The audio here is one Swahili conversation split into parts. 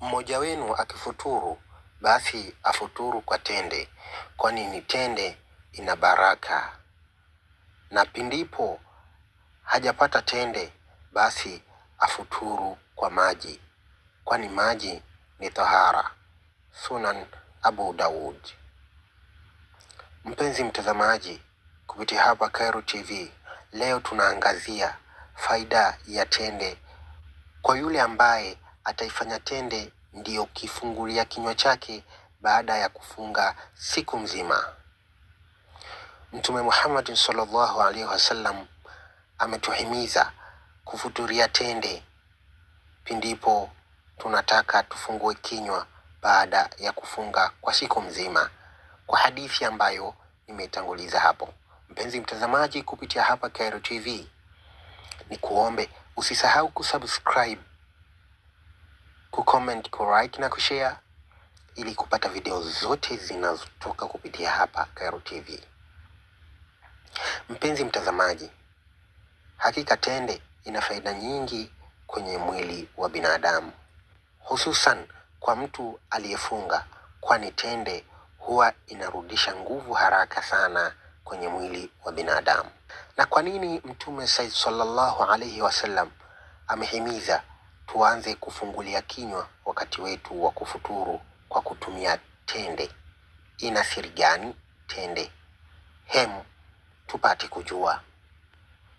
Mmoja wenu akifuturu, basi afuturu kwa tende, kwani ni tende ina baraka. Na pindipo hajapata tende, basi afuturu kwa maji, kwani maji ni tahara. Sunan Abu Daud. Mpenzi mtazamaji, kupitia hapa Khairo TV, leo tunaangazia faida ya tende kwa yule ambaye ataifanya tende ndiyo kifungulia kinywa chake baada ya kufunga siku nzima. Mtume Muhammad sallallahu alaihi wasallam ametuhimiza kufuturia tende pindipo tunataka tufungue kinywa baada ya kufunga kwa siku mzima, kwa hadithi ambayo nimeitanguliza hapo. Mpenzi mtazamaji, kupitia hapa Khairo TV, ni kuombe usisahau kusubscribe kucomment, kulike na kushare ili kupata video zote zinazotoka kupitia hapa Khairo TV. Mpenzi mtazamaji, hakika tende ina faida nyingi kwenye mwili wa binadamu, hususan kwa mtu aliyefunga, kwani tende huwa inarudisha nguvu haraka sana kwenye mwili wa binadamu. Na kwa nini Mtume Said sallallahu alaihi wasallam amehimiza tuanze kufungulia kinywa wakati wetu wa kufuturu kwa kutumia tende. Ina siri gani tende? hem tupate kujua.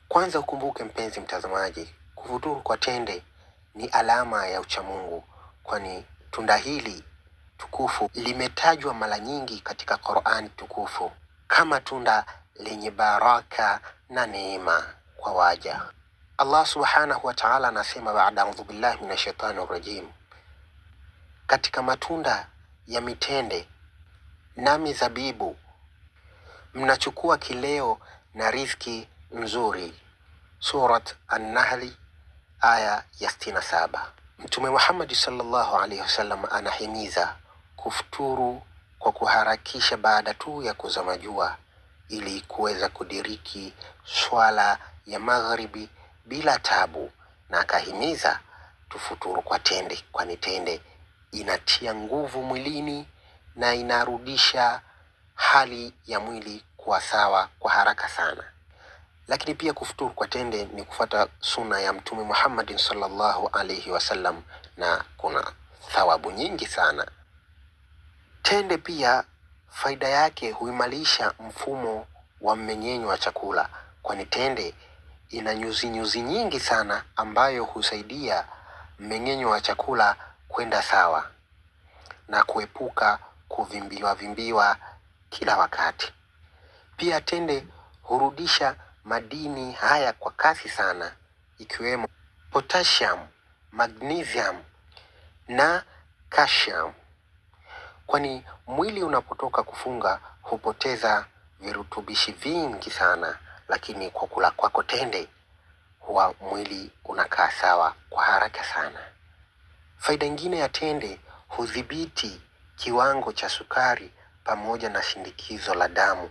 Kwanza ukumbuke, mpenzi mtazamaji, kufuturu kwa tende ni alama ya uchamungu, kwani tunda hili tukufu limetajwa mara nyingi katika Qur'ani tukufu kama tunda lenye baraka na neema kwa waja. Allah subhanahu wa taala anasema baada audhu billahi min ashaitani rajim, katika matunda ya mitende na mizabibu mnachukua kileo na riziki nzuri. Surat an nahl aya ya sitini na saba. Mtume Muhammad sallallahu alaihi wasallam anahimiza kufuturu kwa kuharakisha baada tu ya kuzama jua ili kuweza kudiriki swala ya magharibi bila tabu, na akahimiza tufuturu kwa tende, kwani tende inatia nguvu mwilini na inarudisha hali ya mwili kuwa sawa kwa haraka sana. Lakini pia kufuturu kwa tende ni kufata suna ya Mtume Muhammad sallallahu alaihi wasallam, na kuna thawabu nyingi sana. Tende pia faida yake huimarisha mfumo wa mmeng'enyo wa chakula, kwani tende ina nyuzi nyuzi nyingi sana ambayo husaidia mmeng'enyo wa chakula kwenda sawa na kuepuka kuvimbiwa vimbiwa kila wakati. Pia tende hurudisha madini haya kwa kasi sana ikiwemo potassium, magnesium na calcium. Kwani mwili unapotoka kufunga hupoteza virutubishi vingi sana lakini kwa kula kwako tende huwa mwili unakaa sawa kwa haraka sana. Faida nyingine ya tende, hudhibiti kiwango cha sukari pamoja na shinikizo la damu,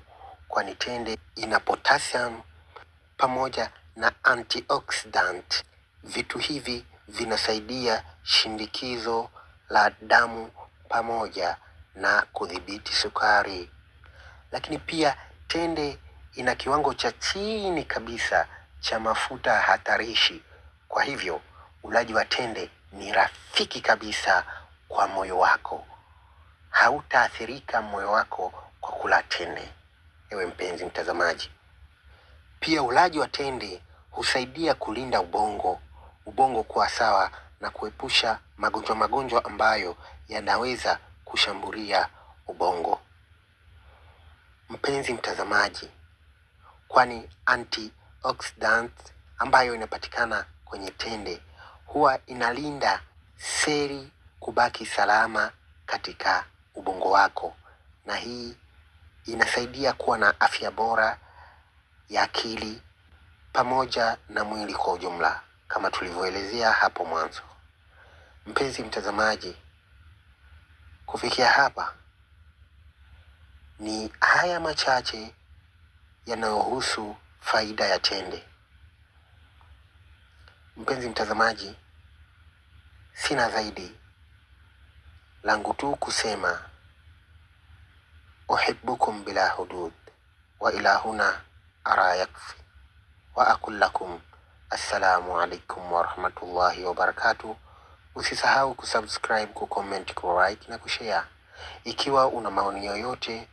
kwani tende ina potassium pamoja na antioxidant. Vitu hivi vinasaidia shinikizo la damu pamoja na kudhibiti sukari, lakini pia tende ina kiwango cha chini kabisa cha mafuta hatarishi. Kwa hivyo ulaji wa tende ni rafiki kabisa kwa moyo wako, hautaathirika moyo wako kwa kula tende. Ewe mpenzi mtazamaji, pia ulaji wa tende husaidia kulinda ubongo, ubongo kuwa sawa na kuepusha magonjwa magonjwa ambayo yanaweza kushambulia ubongo. Mpenzi mtazamaji, kwani antioxidant ambayo inapatikana kwenye tende huwa inalinda seli kubaki salama katika ubongo wako, na hii inasaidia kuwa na afya bora ya akili pamoja na mwili kwa ujumla, kama tulivyoelezea hapo mwanzo. Mpenzi mtazamaji, kufikia hapa ni haya machache yanayohusu faida ya tende. Mpenzi mtazamaji, sina zaidi langu tu kusema uhibbukum bila hudud wa ilahuna ara yakfi wa aqul lakum assalamu alaikum warahmatullahi wabarakatuh. Usisahau kusubscribe, kucomment, kulike na kushare. Ikiwa una maoni yoyote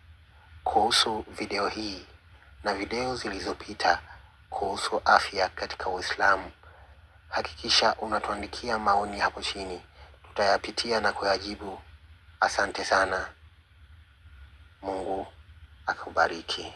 kuhusu video hii na video zilizopita kuhusu afya katika Uislamu. Hakikisha unatuandikia maoni hapo chini, tutayapitia na kuyajibu. Asante sana. Mungu akubariki.